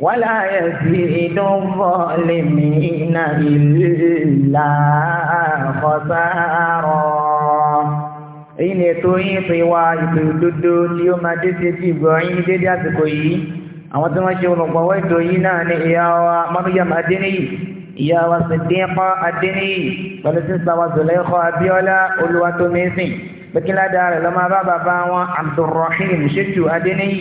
wàlá yẹsì ìdánwò lèmi iná ìlà àkọsáàrọ̀. èyí ni ètò yín pé wá ìpè òdodo tí ó máa dé sí ìgbọ̀ yín ní dédé àsìkò yìí àwọn tí wọ́n ṣe olùgbọ̀wọ́ ètò yìí náà ni ìyá wa Maryam Adéníyì ìyá wa Siddiqa Adéníyì pẹ̀lú sísá wa Zulaikha Abíọ́lá Olúwatómísìn pẹ̀kínlá dáa rẹ̀ lọ́mọ bá wọn Abdulrahim Ṣètù Adéníyì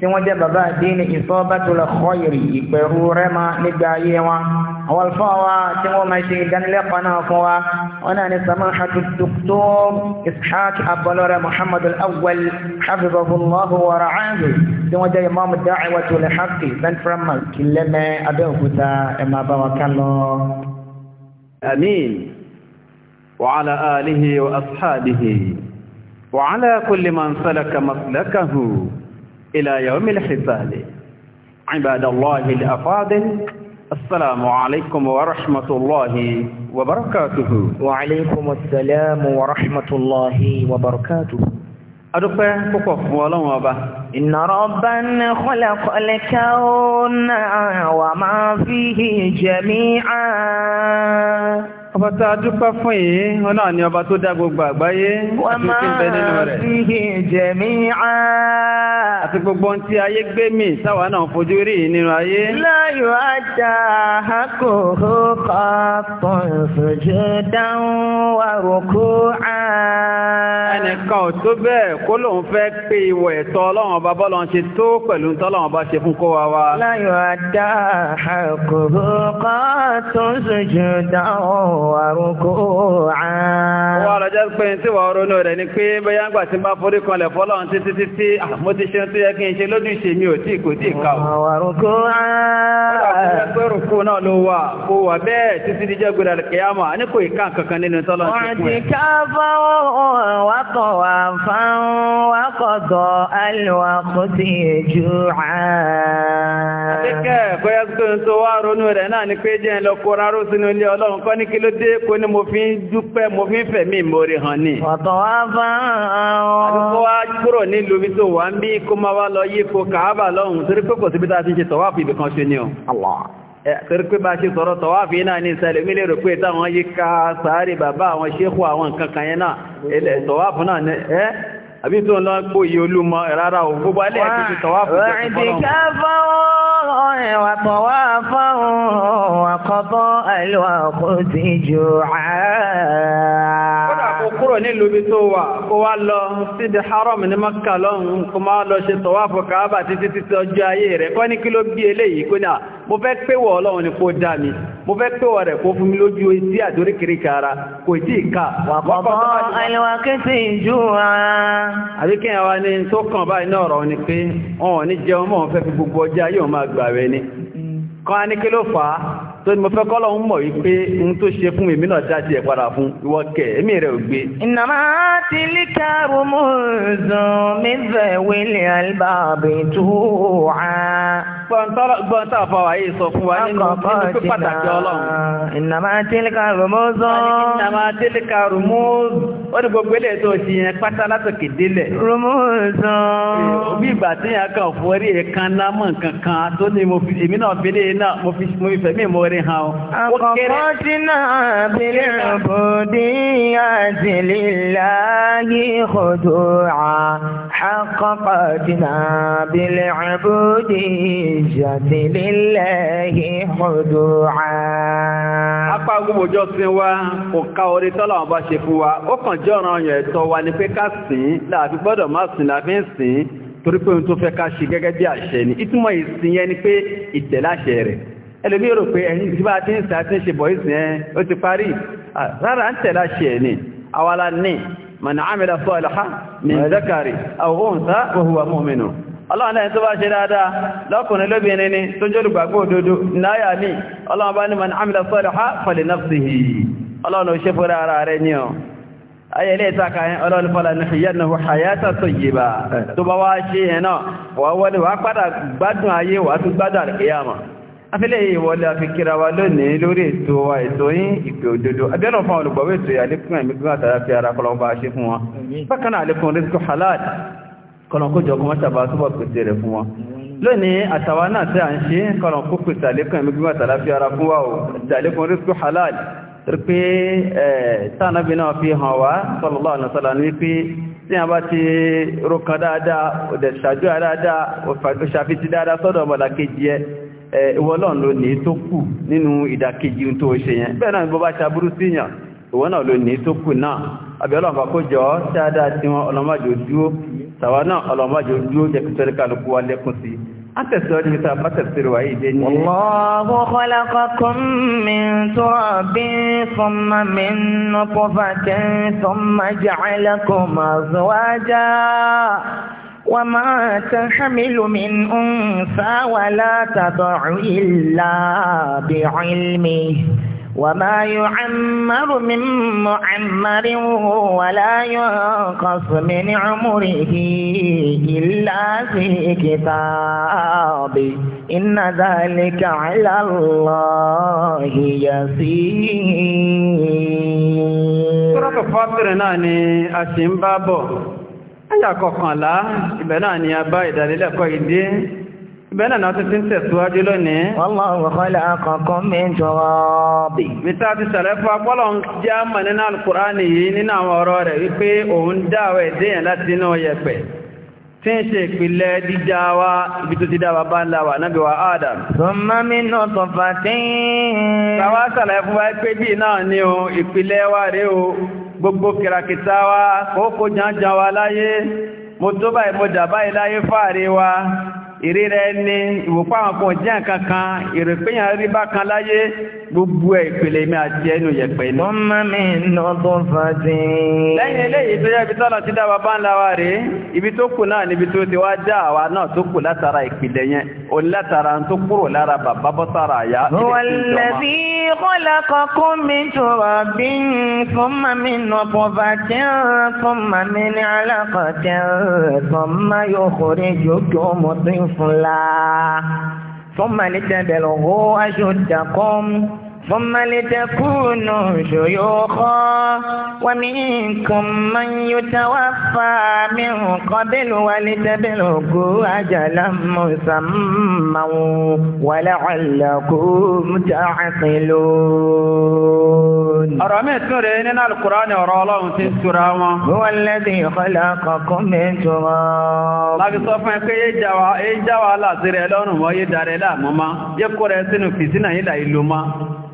tí wọ́n jẹ́ bàbá àdínì ìsọ́bẹ́tulẹ̀ kọ́yìrì ìpẹ̀rù rẹ́mà nígbà ayé wa àwọn alfáà wa tí wọ́n máa ṣe ìdánilẹ́kọ̀ọ́ náà fún wa wọn náà ní samahatu dr ishaq abọlọrẹ muhammad al-awwal hafizahullahu wa ra'ahu tí wọ́n jẹ́ imam da'watul haqqi central mosque kìlẹ́mẹ́ abẹ́òkúta ẹ̀ máa bá wa ká lọ. amin alihi wa ashabihi wa kulli man maslakahu. إلى يوم الحساب عباد الله الأفاضل السلام عليكم ورحمة الله وبركاته وعليكم السلام ورحمة الله وبركاته adúpẹ́ púpọ̀ fún ọlọ́run ọba. Inna rabbana khalaqal kawna wa ma fihi jami'a. ọba tá a dúpẹ́ fún yìí wọn náà ni ọba tó dá gbogbo àgbáyé àti tí ń bẹ nínú rẹ̀. wa ma fihi jami'a àti gbogbo tí ayé gbé mi sáwà náà fojú rí nínú ayé. Láyò ajá àkókò kọ́ pọ̀ ìfòjú dáhùn wà àá nìkan ò tó bẹ́ẹ̀ kó lóun fẹ́ pé ìwọ̀ ẹ̀tọ́ ọlọ́run ọba bọ́lọ́n ṣe tó pẹ̀lú tọ́lọ́run ọba ṣe fún kó wa wa. láyọ̀ àdá àkókò kan tó ń sojú dáhùn àrùkò àán. wọ́n lọ́jọ́ pé tí wọ́n ronú rẹ̀ ni pé bóyá ń gbà tí bá forí kanlẹ̀ fọ́lọ́run títí títí mo ti ṣe tó yẹ kí n ṣe lójúṣe mi ò tí kò tí ká o. àrùkò àán. wọ́n طوافا وقضى الوقت جوعا Akẹ́kẹ́ bóyá tó ń tó wá ronú rẹ̀ náà ni pé jẹ́ lọ kó rárú sínú ilé Ọlọ́run kọ́ ní kí ló dé kó ní mo fi ń dúpẹ́ mo fi ń fẹ̀mí ìmoore hàn ní. Ọ̀tọ̀ wá fáwọn. Àdúgbò wá kúrò nílùú ibi tó wà ń bí kó máa wá lọ yípo Kàábà lọ́hùn torí pé kò síbi tá a ti ṣe tọ́wọ́ àpò ibìkan ṣe ni o torí pé bá ṣe sọ̀rọ̀ tọ̀wáfì náà ní ìsẹ̀lẹ̀ mílẹ̀ rò pé táwọn yí ká sàárì bàbá àwọn ṣékù àwọn nǹkan kan yẹn náà ilẹ̀ tọ̀wáfì náà ní ẹ́ àbí tó ń lọ pò yí olúmọ rárá ò gbogbo alẹ́ àti tọ̀wáfì tó ti fọ́nà nílùú bí tó wà kó wá lọ sídi haram ní Makka lọ́hun kó máa lọ ṣe tọ̀wáfọ̀ Káàbà títí títí ọjọ́ ayé rẹ̀ kọ́ ní kí ló bí eléyìí kó náà mo fẹ́ pèwọ̀ Ọlọ́run ni kó dá mi mo fẹ́ pèwọ̀ rẹ̀ kó fún mi lójú etí àdórí kìríkà ara kò tí ì ká wà kọ́kọ́ tó so ni mo fẹ́ kọ́lọ̀ ń mọ̀ yí pé n tó ṣe fún mi mi náà dájú ẹ̀ padà fún ìwọ kẹ̀ ẹ̀mí rẹ̀ ò gbé. ìnàmá ti lè kárò mú zùn mí fẹ́ wílé àlùbáàbí tó wà. Gbọ́n tàà fà wà yìí sọ fún wa nínú pàtàkì ọlọ́run. Ìnàmà tílíkà rùmúzọ́. Ìnàmà tílíkà rùmúz. Ó ní gbogbo ilé tó náà fi lé náà mo fi fẹ̀mí mo rí hàn o. Àkọ́kọ́ tí náà fi lè rògbòdì àti líláyé kòtò àkọ́kọ́ tí náà fi lè rògbòdì. الحجة لله خضوعا apá gbogbo ọjọ́ sí wa kò ká orí tọ́lọ̀ ọba ṣe fún wa ó kàn jẹ́ ọ̀ràn ọ̀yàn ẹ̀tọ́ wa ni pé ká sìn láàfi gbọ́dọ̀ má sìn láàfi ń sìn torí pé ohun tó fẹ́ ká ṣe gẹ́gẹ́ bí àṣẹ ni ìtumọ̀ ìsìn yẹn ni pé ìtẹ̀láṣẹ rẹ̀ ẹlòmí rò pé ẹ̀yìn tí bá ti ń sàá tí ń ṣe bọ̀ ìsìn ẹ ó ti parí rárá ń tẹ̀láṣẹ ẹ̀ ni awala ní man amila salihan min zakari aw unsa wa huwa ọlọ́run lẹ́yìn tó bá ṣe dáadáa lọ́kùnrin lóbìnrin ni tó jẹ́ olùgbàgbọ́ òdodo náyà ní ọlọ́run bá ní man amila saliha fali nafsihi ọlọ́run ò ṣe fúra ara rẹ̀ ní ọ ayé ilé ìtaka yẹn ọlọ́run fọ́lá ní ìyẹ́nà hayata tayyiba tó bá wá ṣe yẹn náà wà wọlé wà padà gbádùn ayé wà tún gbádùn àríkìyàmà afẹ́lẹ́ yìí wọlé afikira wa lónìí lórí ètò wa ètò yín ìpè òdodo abẹ́rùn fún olùgbọ̀wé ètò yà lékún ẹ̀mí gbọ́n fi ara kọlọ́wọ́ ṣe fún wọn bákan náà lékún rizqu halal kọ̀nàkójọ kan mọ́sàbà túbọ̀ pèsè rẹ̀ fún wọn lónìí àtàwà náà tí a ń ṣe kọ̀nàkó pèsè àlékún ẹ̀mí gbígbà tàlàfí ara fún wa o tàlékún rípé halal rípé tánàbí fi hàn wá sallallahu alaihi wasallam ní pé tí a bá ti rókan dáadáa òdẹ̀ ṣàjú dáadáa òṣàfitì dáadáa sọ́dọ̀ ọmọdà kejì ẹ ìwọ náà ló ní tó kù nínú ìdàkejì tó ṣe yẹn bẹ́ẹ̀ náà bó bá ṣaburú tàwa náà ọlọ́mọ́jọ yóò jẹ́ kí sọ́rí kálukú wa lẹ́kùn sí a tẹ̀síwájú níbi tá a bá tẹ̀síwájú wáyé dé ní. Allahu وما تحمل من أنثى ولا تضع إلا بعلمه وما يعمر من معمر ولا ينقص من عمره إلا في كتاب إن ذلك على الله يسير سورة فاطر ناني أشيم بابو أيا كوكولا إبناني أبا إدالي لكو إدين bẹ́ẹ̀ náà tó ti ń tẹ̀síwájú lónìí. Allahu khalaqakum min turabi. mítà ti sàlẹ̀ fún apọ́lọ̀ ń nínú alukùránì yìí nínú àwọn ọ̀rọ̀ rẹ̀ wípé òun dáwẹ̀ déyàn láti inú yẹ̀pẹ̀ tí ń ṣe ìpìlẹ̀ dídá wa ibi tó ti dáwà bá ńlá wà náàbí wa Adam. Thumma min nutfatin. Tàwá sàlẹ̀ fún wa pé bí náà ni o, ìpìlẹ̀ wa rèé o, gbogbo kìràkìtà wa, kókó jàǹjàǹ wa láyé, mo tó báyìí mo dà báyìí láyé fáàrí wa, ìrírẹ ni ìwòpá àwọn kan jẹ́ kankan ìrèpéyàn rí bákan láyé gbogbo ẹ̀ ìpele mi àti ẹnu yẹ̀pẹ̀ ni. ọmọ mi nà tó fàdé. lẹ́yìn eléyìí tó yẹ ibi tọ́lọ̀ ti dá wa bá ń la wa rèé ibi tó kù náà níbi tó ti wá dá àwa náà tó kù látara ìpìlẹ̀ yẹn o látara tó kúrò lára bàbá bọ́ sára àyà. wàlẹ́bí kọ́lá kọ́kọ́ mi tọrọ bí fọ́nmà mi nà tó fàdé fọ́nmà mi ní alákọ̀tẹ́ fọ́nmà yóò kórè jókòó mọ́tò ìfúnla. ثم لتبلغوا أشدكم ثم لتكونوا شيوخا ومنكم من يتوفى من قبل ولتبلغوا أجلا مسمى ولعلكم تعقلون أرميت نورين القرآن وراء الله تنسراما هو الذي خَلَقَكُمْ من تراب láti sọ fún ẹ pé ìjà wa láti rẹ̀ lọ́rùn mọ́ yé darẹ̀ láàmọ́ má yẹ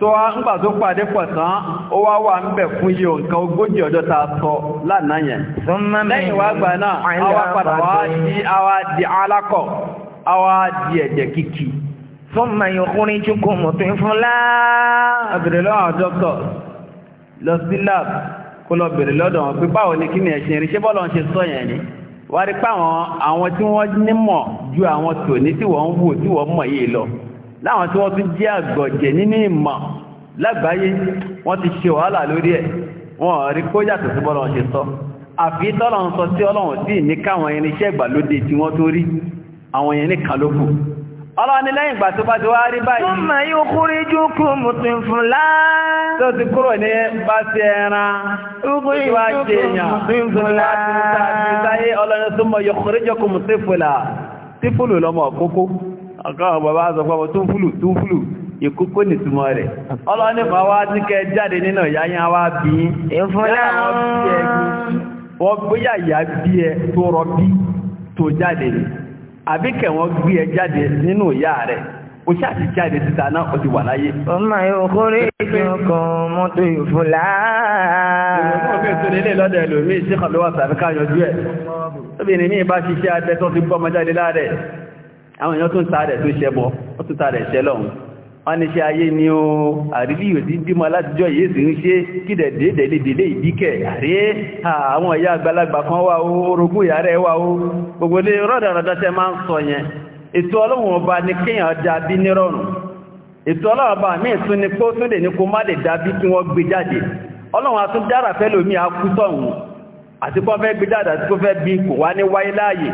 tó wá ń gbà tó pàdé pọ̀ tán ó wá wà ń bẹ̀ fún yíò nǹkan ogójì ọjọ́ ta sọ lánàá yẹn lẹ́yìn wá gbà náà àwa padà wá di àwa di alákọ̀ àwa di ẹ̀jẹ̀ kìkì Súnmọ̀ yòkúrin jùkú mọ̀tún fún láàá. Àbìrì lọ́wọ́ àwọn dọ́kítọ̀ lọ sí wá rí pé àwọn tí wọ́n nímọ̀ ju àwọn tòní tí wọ́n ń wò tí wọ́n mọ̀ yìí lọ láwọn tí wọ́n tún jẹ́ àgbọ̀jẹ̀ nínú ìmọ̀ lágbàáyé wọ́n ti ṣe wàhálà lórí ẹ̀ wọ́n rí kó yàtọ̀ sí bọ́lọ̀ ṣe sọ àfi tọ́lọ̀ ń sọ sí ọlọ́run sí ní káwọn irinṣẹ́ ìgbàlódé tí wọ́n tó rí àwọn yẹn nìkan ló kù ọlọ́ni ọkọ̀ bàbá sọ tó ń fúlù ń fúlù ìkókó nìtumọ̀ rẹ̀ ọlọ́nìfà wá ní kẹ jáde nínú ìyá wá bí i wọ́n gbéyà bí ẹ tó rọ bí tó jáde ní àbí ẹ jáde nínú ìyá rẹ̀ o jáde náà ti wà láyé. yóò kórè mọ́tò nílé mi ṣiṣẹ́ ti àwọn èèyàn tún tààrẹ̀ tó ṣẹbọ ó tún tààrẹ̀ ṣẹlọ́hun wọ́n ní ṣe ayé ni ó àrílí ìwò tí bímọ látijọ́ yìí sì ń ṣe kídẹ̀ déédéé délé ìdíkẹ̀ àrí àwọn ìyá àgbàlagbà kan wà ó orogún ìyá rẹ̀ wà ó gbogbo lè rọ́dàrọ́dá tẹ́ máa ń sọ yẹn ètò ọlọ́run ọba ní kíyàn dábí nírọ̀rùn ètò ọlọ́run ọba míì tún ni pé ó tún lè ní kó àti kọ́ fẹ́ gbé jáde àti kó fẹ́ bí kò wá ní wáyé láàyè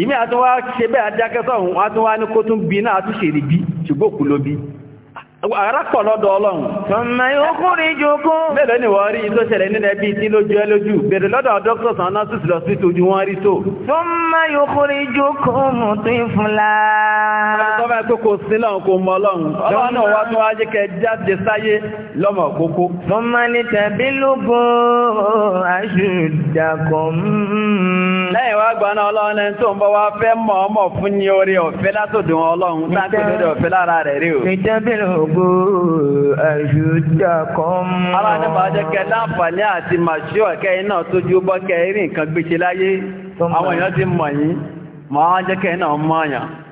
ìmí àtúnwá ṣe bẹ́ẹ̀ adákẹ́sọ̀hún wá tún wá ní kó tún bí náà tún ṣe rí bí ṣùgbọ́n ló bí Àrápọ̀ lọ́dọ̀ Ọlọ́run. Ọmọ ìhókùnrin jogún. Mélòó ni wọ́n rí tó ṣẹlẹ̀ nínú ẹbí tí ló jẹ́ lójú? Bèrè lọ́dọ̀ dókítà sàn lọ sí ojú wọn rí tó. Ọmọ ìhókùnrin jogún mú tó ń fún la. Ọlọ́run tó kò sí lọ́run kò mọ Ọlọ́run. Ọlọ́run náà wá tó wá jẹ́ kẹ jáde sáyé lọ́mọ kókó. Ọmọ ni tẹ̀bí lógún aṣùdàkùn. Lẹ́yìn wá gbà náà Ọlọ́run ẹni tó ń bọ́ wá fẹ́ mọ̀ ọmọ fún ní orí ọ̀fẹ́ látòdùn Ọlọ́run. Táàkì lórí ọ̀fẹ́ lára rẹ̀ rí o. Ìtẹ́bí lógún bó ẹ̀yù jákọ́m. Ara ní máa jẹ́ kẹ láǹfààní àti màṣíọ̀ ẹ̀kẹ́ iná tójú bọ́kẹ́ rí nǹkan gbéṣe láyé. Àwọn èèyàn ti mọ̀ yín, máa jẹ́ kẹ náà mọ̀ yàn.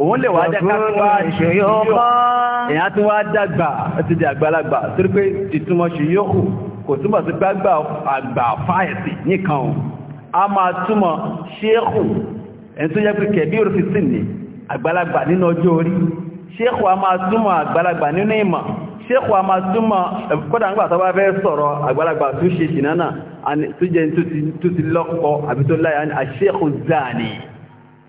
òun lè wá jáká tó wá ṣòyókọ́ èyàn tó wá dàgbà ti di àgbàlagbà torí pé ìtumọ̀ ṣòyókù kò túmọ̀ sí pé àgbà fáyẹ̀sì nìkan o a máa túmọ̀ ṣéèkù ẹni tó jẹ́ pé kẹ̀bí orí sí ní àgbàlagbà nínú ọjọ́ orí ṣéèkù a máa túmọ̀ àgbàlagbà nínú ìmọ̀ ṣéèkù a máa túmọ̀ kódà nígbà tó bá fẹ́ sọ̀rọ̀ àgbàlagbà tó ṣe ṣìnánà tó jẹ́ tó ti lọ́kọ àbí tó láyà àṣéèkù zani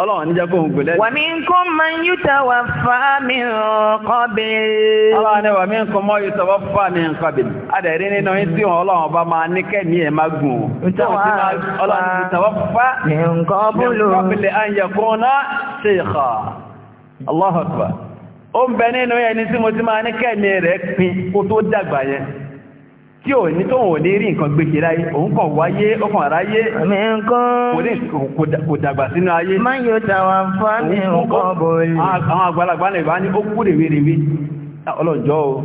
ọlọ́run níjẹ́ kó ń gbẹ̀lẹ́. wà mí kún máa ń yúta wà fà mí nǹkan bẹ̀rẹ̀. ọlọ́run ni wà mí kún máa yúta wà fà mí nǹkan bẹ̀rẹ̀. adẹ̀rí nínú yín tí ọlọ́run bá máa ní kẹ́mi ẹ̀ máa gùn. ọlọ́run ti tàwa fà mí nǹkan bọ̀lọ̀. nǹkan bẹ̀rẹ̀ à ń yẹ kún náà ṣe ìkà. Allahu Akbar. ó ń bẹ nínú yẹn ní tí mo ti máa ní kẹ́mi tí ò ní tó ò ní rí nǹkan gbèsè láyé òun kàn wáyé ó kàn ráyé kò dàgbà sínú ayé àwọn àgbàlagbà náà ìbá ní ó kú rèwerèwe ah, ọlọ́jọ́ o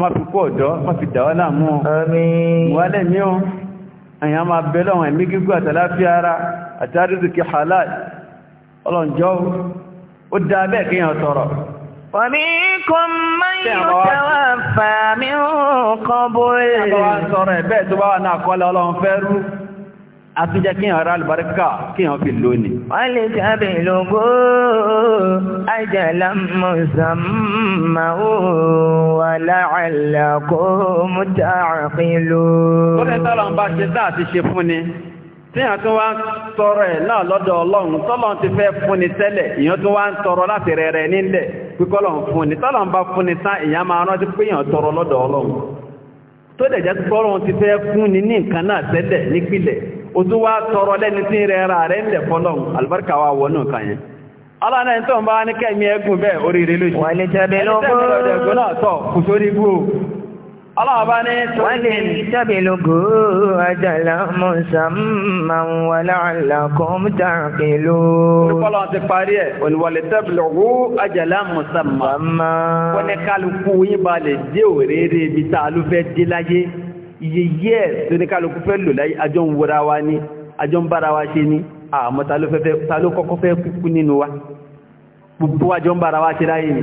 má fi kú ọ̀dọ́ má fi dà ọ́ láàmú ọ wà lẹ́mí o àyàn máa bẹ lọ́wọ́n ẹ̀mí gígùn àtàláfíà ara àtàrídùkì halal ọlọ́jọ́ o ó dá bẹ́ẹ̀ kéèyàn tọrọ ومنكم من يتوفى من قبل sọ̀rọ̀ ẹ̀bẹ́ tó bá wà náà kọ́lẹ̀ ọlọ́run fẹ́ rú a tún jẹ́ kí ọ̀rọ̀ alìbáríkà kí ọ fi lónìí wọ́n lè jábẹ̀ lógó ajẹ́lá mọ̀sánmà wà láàrẹ̀lẹ́kọ́ mútàrínlò tó rẹ̀ tọ́lọ̀ ń bá tí èèyàn tún wá ń tọrọ ẹ̀ náà lọ́dọ̀ ọlọ́run tọ́lọ́run ti fẹ́ fún ni tẹ́lẹ̀ èèyàn tún wá ń tọrọ láti rẹ̀ nílẹ̀ pípọ́lọ̀ ń fún ni tọ́lọ̀ ń bá fún ni tán èyàn máa rántí pé èyàn tọrọ lọ́dọ̀ ọlọ́run tó dẹ̀ jẹ́ pọ́lọ̀ ti fẹ́ fún ni ní nǹkan náà tẹ́lẹ̀ nípìlẹ̀ o tún wá tọrọ lẹ́ni tí rẹ̀ ra rẹ̀ ń lẹ̀ fọ́lọ́run albarka wa wọnú Aláàbá ní wọ́n ìtàbílógó àjàlá musamman wà láàlákún tààkìlú. Olúkọ́lọ́ ti parí ẹ̀, olùwọ̀lẹ̀ tàbílógó àjàlá musamman. Wọ́n ní kálukú yí ba lè dé òrèrè ibi tá a ló fẹ́ dé láyé. Iye yẹ́ tó ní kálukú fẹ́ lò láyé, àjọ ń wúra wa ní, àjọ ń bára wa ṣe ní, àmọ́ ta ló kọ́kọ́ fẹ́ kúkú nínú wa. Gbogbo àjọ ń bára wa ṣe láyé ni.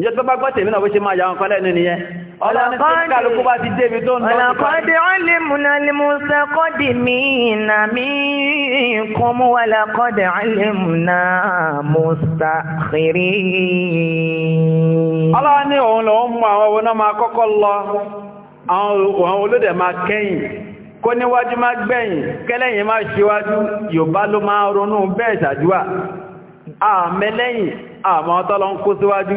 Ìjẹ́ tó bá gbọ́ tèmi náà bó ṣe máa yà wọn kọ́ lẹ́nu nìyẹn. Ọlọ́run tó kálukú bá ti débi tó ń lọ. Ọ̀làkọ́dé mú àwọn owó náà máa kọ́kọ́ lọ, àwọn olódẹ̀ máa kẹ́yìn kó níwájú máa gbẹ̀yìn kẹ́lẹ́yìn máa ṣíwájú Yorùbá ló máa ronú bẹ́ẹ̀ ṣàdúwà àmẹ́lẹ́yìn àmọ́ tọ́lọ ń kó síwájú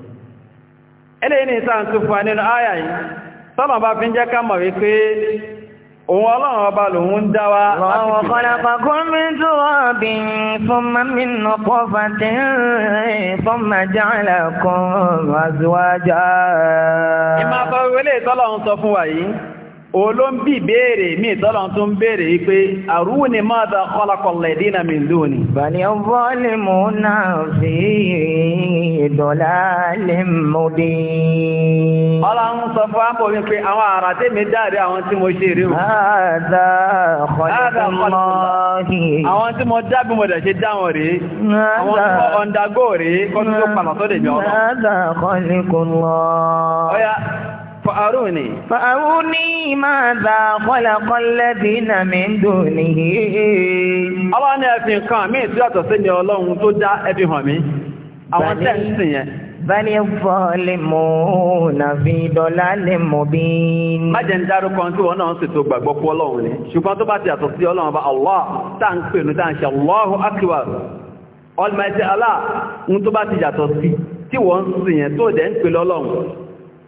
eléyìí ní sáà ń tún fún nínú àyà yìí sọ́nà bá fi ń jẹ́ ká mọ̀ wípé òun ọlọ́run ọba lòun ń dá wa láti kìí. ìmọ̀ àbọ̀wé olóńbí béèrè mí tọ́lọ̀ tún béèrè pé àrúni máa da kọ́lákọ̀lẹ̀ dínà mi lónìí. bani ọgbọ́lẹ̀mù náà fi ìdọ̀lá lè mú dé. ọlá ń sọ fún àpò mi pé àwọn àrà tí mi dáre àwọn tí mo ṣe rí àwọn tí mo dábí mo dẹ̀ ṣe فأروني فأروني ماذا خلق الذين من دونه الله أنا في كان سيادة سنة الله تدع أبي همي àwọn tẹ́ǹsì yẹn. bani zalimuna fi dalalin mubin. má jẹ́ ń dárúkọ tí wọ́n náà ṣètò gbàgbọ́ pọ̀ ọlọ́run ni ṣùgbọ́n tó bá ti yàtọ̀ sí ọlọ́run bá allah tá à ń pè ní allah ń tó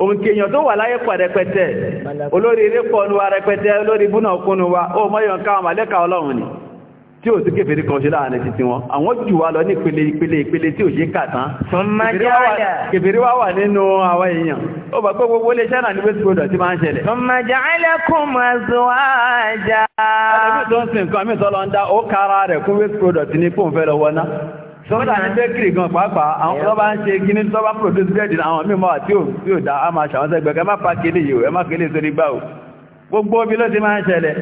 òǹkè èèyàn tó wà láyé pọ̀ rẹpẹtẹ olórí eré pọ̀ wa rẹpẹtẹ olórí búnà kúnnu wa ó mọ́yàn káwọn màlẹ́kà ọlọ́run ni tí ò sí kéfèrè kan ṣe láàrin títí wọn àwọn jù wá lọ ní ìpele ìpele ìpele tí ò ṣe kàtán kèfèrè wá wà nínú àwọn èèyàn ó bá pé gbogbo lè ṣẹ́nà ní west product tí máa ń ṣẹlẹ̀. ọmọ jàǹlẹ̀ kún mọ̀ zuwájà. ọmọ mi tó product ní fóun fẹ́ sọ́dá ní bẹ́kìrì gan pàápàá àwọn ọlọ́bá ń ṣe gíní tọ́bá produce bread àwọn mímọ̀ àti ò tí ò dá a máa ṣàwọn sẹ́gbẹ̀ ẹ má pa kéde yìí ẹ má kéde sórí gbá o gbogbo obi ló ti máa ń ṣẹlẹ̀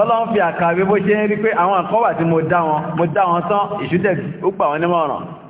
ọlọ́run fi àkàwé bó ṣe ń rí pé àwọn àkọ́wà tí mo dá wọn mo dá wọn tán ìṣútẹ̀ ó gbà wọn nímọ̀ràn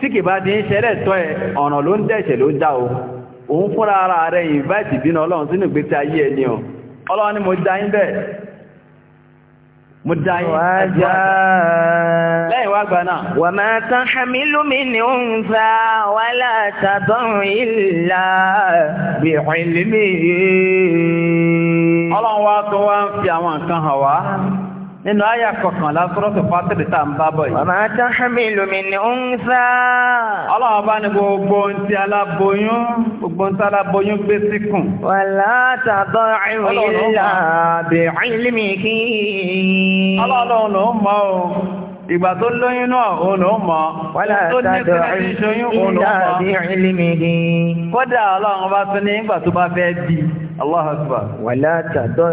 tí kì bá ti ń ṣẹlẹ̀ tọ́ ẹ ọ̀nà ló ń dẹ̀ṣẹ̀ ló dá o òun fúnra ara rẹ̀ ìnváìtì bínú ọlọ́run sínú ìgbésí ayé ẹni ọ ọlọ́run ni mo dá yín bẹ́ẹ̀ mo dá yín lẹ́yìn wá gbaná. wà máa tán hamilu mi ní oúnjẹ wà látàdọ́rùn ìlà bí ìlú mi. ọlọ́run wá tó wá ń fi àwọn nǹkan hàn wá. nínú àyà kọkànlá sọ́rọ́sọ̀ fásitì tá à ń bá bọ̀ yìí. ọmọ tahmilu min unsa. ọlọ́run bá ní gbogbo ohun tí aláboyún gbogbo ohun tí aláboyún gbé síkùn. wala tada'u illa bi'ilmihi. ọlọ́run ló ń mọ̀ o ìgbà tó lóyún náà òun ò mọ̀ tó ní kíláàsì ìṣoyún òun ò mọ̀ kódà ọlọ́run bá tún ní ìgbà tó bá fẹ́ bí Allahu akbar. wala tada'u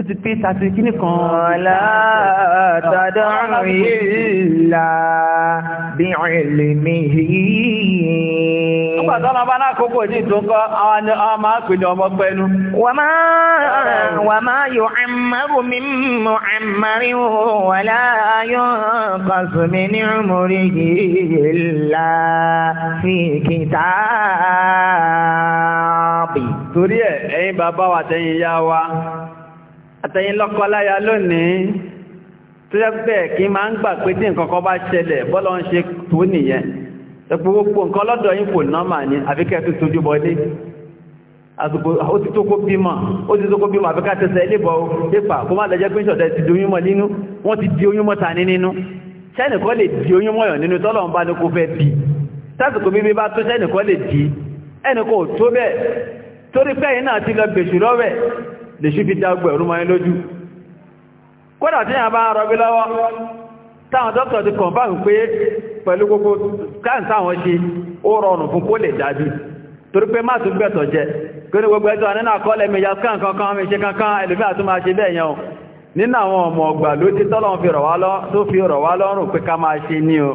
ó ti pé tàbí kíní kan. ọ̀la tọ́dọ̀ ìlà bí ìlè mi yìí. nígbà tó ọmọ bá náà kókò ní ìtúnkọ́ àwọn ọmọ máa ọmọ pẹ́nu. wà máa wà máa yọ àmàrù wà láàyò kọ̀sùn mi ní ìmúrí ìlà fi àtẹ̀yìn lọ́kọ láya lónìí tó yẹ bẹ́ẹ̀ kí máa ń gbà pé tí nǹkan kan bá ṣẹlẹ̀ bọ́lọ́ ń ṣe tó nìyẹn ẹ̀pọ̀ gbogbo nǹkan lọ́dọ̀ yín kò nọ́mà ní àfikẹ́ tó sojú bọ́dé àsìkò ó ti tó kó bímọ ó ti tó kó bímọ àfikà tẹsẹ̀ ilébọ̀ pépà kó má lẹ́jẹ́ pé ìṣọ̀dẹ̀ ti di oyún mọ́ nínú wọ́n ti di oyún mọ́ ta ní nínú sẹ́nìkọ́ lè di oyún mọ́yàn nínú tọ́lọ́run bá ní kó fẹ́ bí sásìkò bíbí bá tó sẹ́nìkọ́ lè di ẹnìkọ́ ò tó bẹ́ẹ̀ torí pẹ́yìn náà ti lọ gbèsù lọ́wẹ́ lè ṣí fi dágbẹ̀ ẹ̀rú máa lójú kódà tí yàn bá ń rọgbí lọ́wọ́ táwọn dókítà ti kàn báhùn pé pẹ̀lú gbogbo káàntà wọn ṣe ó rọrùn fún kó lè dájú torí pé má tún gbẹ̀tọ̀ jẹ kí ní gbogbo ẹjọ́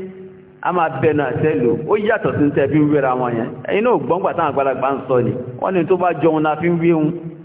a máa bẹnu àtẹ́lù ó yàtọ̀ sí tẹ́ fi ń wéra wọn yẹn ẹ̀yin náà gbọ́ngbà táwọn àgbàlagbà ń sọ ni wọ́n ní tó bá jọun la fi ń wéhun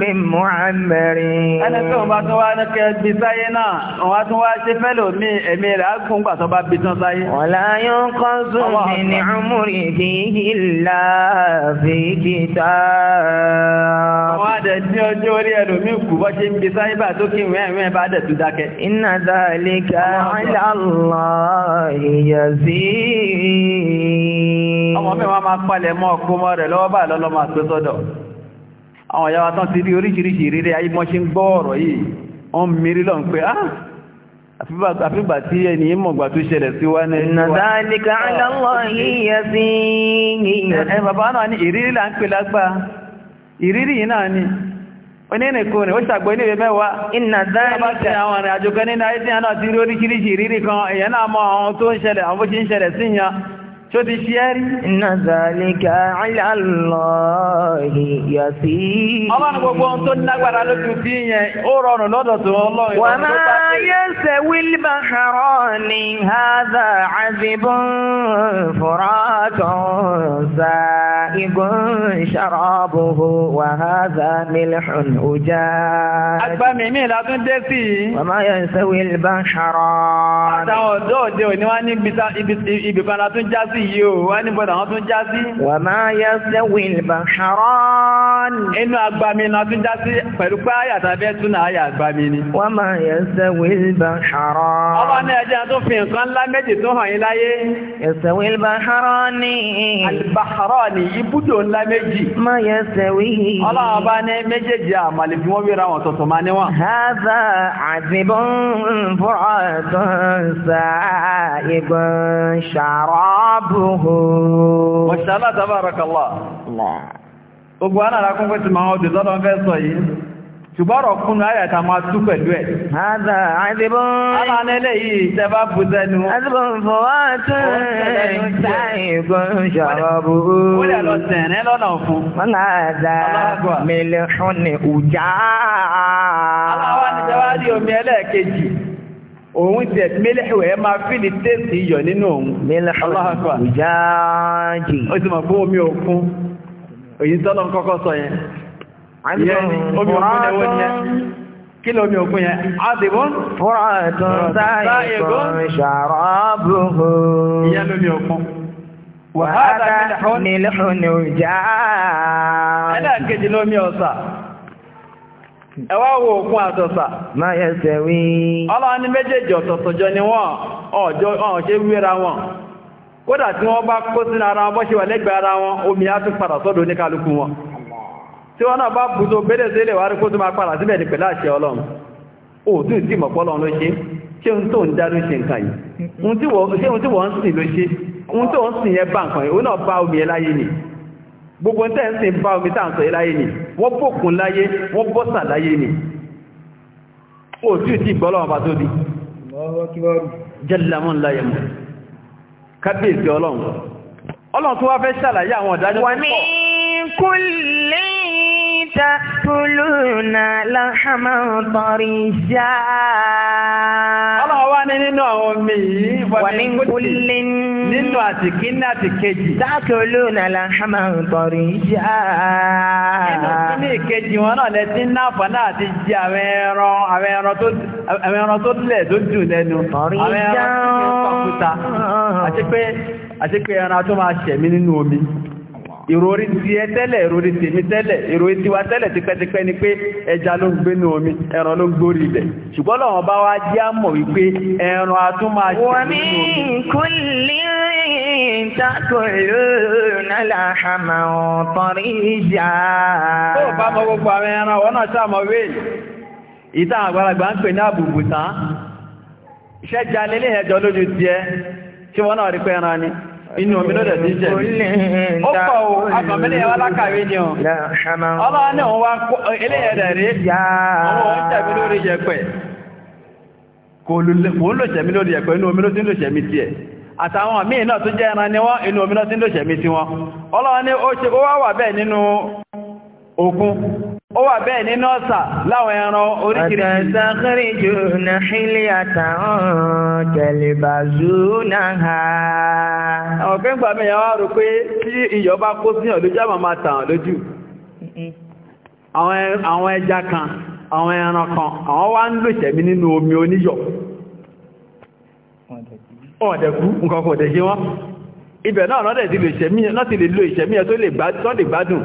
min mu'ammarin. ẹni tó bá tó wá ní kẹ bí sáyé náà wọ́n tún wá ṣe fẹ́lò mí ẹ̀mí rẹ̀ ágùn tó bá bí tán sáyé. wala kitab. wọ́n á dẹ̀ dín ọjọ́ orí ẹlòmíì kù bọ́ inna dhalika ala Allahi yazir. ọmọ mi wọn máa palẹ̀ mọ́ ọkọ mọ́ rẹ̀ lọ́wọ́ bá lọ́lọ́ máa pẹ́ sọ́dọ̀. àwọn ìyáwá tán ti rí oríṣiríṣi ìrírí ayé mọ́ ṣe ń gbọ́ ọ̀rọ̀ yìí wọ́n mìírí lọ́n pé ah! àfígbà tí ẹni mọ̀gbà tó ṣẹlẹ̀ sí wá ní nàzálìkà aláwọ̀ iriri la ni a tó ti ṣe ẹ́rí. iná zàlíkà aláàlọ́hì yàtí. ọmọ gbogbo tó lágbára lójú sí yẹn ó rọrùn lọ́dọ̀ tó ọlọ́run. wà máa yẹ يستوي البحران هذا عذب فرات سائغ شرابه وهذا ملح أجاج أكبر ميمي لا تندسي وما يستوي البحران àtàwọn ọ̀dọ́ òde òní wá ní ibìkan la tún já sí yìí o wá ní bọ́dà wọ́n tún já sí. wà máa yẹ sẹ́wìn ìbàṣárán. inú agbami la tún já sí pẹ̀lú pé àyà tàbí ẹ̀tún náà àyà agbami ni. wà máa yẹ sẹ́wìn البحران أبانا يجادوا في نقان لا مجدوها إلهي يستوي البحران البحران يبدو لا مجي ما يستوي الله أبانا مجد يا مالك موبيرا وتطماني هذا عذب فرات سائق شرابه ما شاء الله تبارك الله الله gbogbo anára kún fẹ́ ti máa ọdún lọ́dọ̀ fẹ́ sọ yìí ṣùgbọ́rọ̀ kúnnú ayàta máa tú pẹ̀lú ẹ̀. Àdà àdìbò. Ara ní eléyìí ìṣẹ́bá bu sẹ́nu. Àdìbò fọwọ́ tún ṣàìgùn ṣọ̀rọ̀ bù. Ó lè lọ sẹ̀rẹ̀ lọ́nà fún. Wọ́n náà dá mílíọ̀nù fún ní ìjà. Aláwa ni ṣẹ́wá rí omi ẹlẹ́ẹ̀kejì. Òun ti ẹ̀tí mílíọ̀nù ẹ̀ máa fi ní téèsì iyọ̀ nínú òun. Mílíọ̀nù ìjà jì. Ó ti mọ̀ fún omi òkun. Òyìn tọ́lọ́ Kí lómi ògùn yẹn? Adìbọn? Fúràtún sáyẹ̀gùn ṣàrọ́bùhù. Ìyẹ́ lómi ògùn. Wàhádà nílùú ìjà. Ẹlẹ́kejì lómi ọ̀sà. Ẹwà wo òkun àtọ̀sà. Máa yẹ sẹ̀wí. Ọlọ́run ní méjèèjì ni wọ́n ṣe wíra wọn. Kódà tí wọ́n bá kó sínú ara wọn bọ́ ṣe wà lẹ́gbẹ̀ẹ́ ara wọn, omi á tún padà sọ́dọ̀ wọn. tí wọ́n náà bá bú tó gbẹ́dẹ̀ sí ilẹ̀ wárí kó tó máa padà síbẹ̀ ní pẹ̀lú àṣẹ ọlọ́run ó tí ì tí mọ̀pọ́lọ́ ló ṣe ṣé ohun tó ń dá ló ṣe nǹkan yìí ṣé ohun tí wọ́n ń sìn ló ṣe ohun tó ń sìn yẹn bá nǹkan yìí ó náà bá omi ẹ láyé gbogbo ń tẹ́ ń sìn bá omi táǹsọ̀ yẹ láyé wọ́n bòkun láyé wọ́n bọ́sà láyé nì ó tí ì tí gbọ́lọ́wọ́n bá tóbi jẹ́lámọ́ ńlá yẹn tàkùlùnà láhàmà tọ̀rì já. ọlọ́wọ́ ní nínú àwọn omi yìí wà ní kúlẹ̀ nínú àtìkí ní àtìkejì. tàkùlùnà láhàmà tọ̀rì já. nínú kíní ìkejì wọn náà lẹ ti ń náfà náà ti jẹ àwọn ẹran àwọn tó lẹ̀ tó dùn lẹ́nu. tọ̀rì já. àwọn ẹran tó ti ń pàkúta àti pé ẹran tó máa ṣẹ̀mí nínú omi ìròrí ti ẹ tẹ́lẹ̀ ìròrí tèmi tẹ́lẹ̀ ìròrí tiwa tẹ́lẹ̀ tipẹ́tipẹ́ ni pé ẹja ló ń gbé ní omi ẹran ló ń gbórí ilẹ̀ ṣùgbọ́n lọ́wọ́ bá wá jẹ́ àmọ̀ wípé ẹran a tún máa jẹ́ wọ́n ní kúlì takùlùnà làhàmà ọ̀tọ̀rí ìjà. tó bá mọ gbogbo àwọn ẹran wọn náà inú omi lọ́dẹ̀ tí jẹ́ ó o agbàmílẹ̀ ẹwà lákàrí ni ọ ọlọ́wọ́ náà wá eléyẹ̀dẹ̀ rí ọwọ́ ìjẹ̀mí lórí yẹpẹ̀ kò lò jẹ̀mí lórí yẹpẹ̀ inú omi ló ti ń lò jẹ̀mí tiẹ̀ àtàwọn míì náà jẹ́ ẹran ni wọ́n inú omi ló ti ń lò jẹ̀mí tiwọn ọlọ́wọ́ ó wà bẹ́ẹ̀ nínú ó wà bẹ́ẹ̀ nínú ọ̀sà láwọn ẹran oríṣiríṣi. àtàtàkìrì jù ní ilé àtàwọn jẹ̀lẹ̀bà zúnà ha. àwọn òfin gbà mí yàwó rò pé tí iyọ̀ bá kó síyàn lójú àmà máa tàn lójú. àwọn ẹja kan àwọn ẹran kan àwọn wá ń lò ìṣẹ̀mí nínú omi oníyọ̀. ọ̀dẹ̀kú nǹkan kò dẹ̀ ṣe wọ́n. ibẹ̀ náà lọ́dẹ̀ ti lè ìṣẹ̀mí ẹ̀ tó lè gbádùn.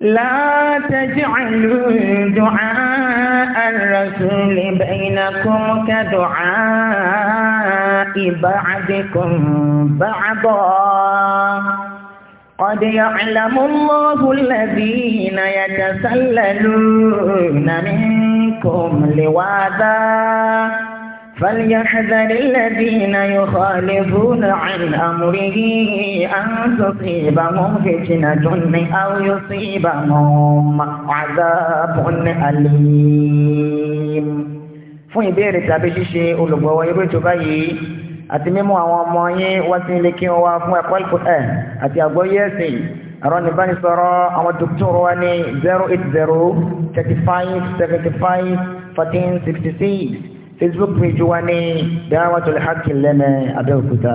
لا تجعلوا دعاء الرسول بينكم كدعاء بعضكم بعضا قد يعلم الله الذين يتسللون منكم لواذا فليحذر الذين يخالفون عن أمره أن تصيبهم فتنة أو يصيبهم عذاب أليم fún ìbéèrè tàbí ṣíṣe olùgbọ̀wọ́ irú ètò báyìí àti mímú àwọn ọmọ yín wá sí ilé kí wọ́n wá fún ẹ̀kọ́ ìkọ́ ẹ̀ àti àgbọ́yé ẹ̀sìn ẹ̀rọ àwọn dókítọ̀rọ̀ wa ní 080 35 75 14 66 facebook page wa ní dáwàtò lẹ́hàkì lẹ́nà abẹ́òkúta.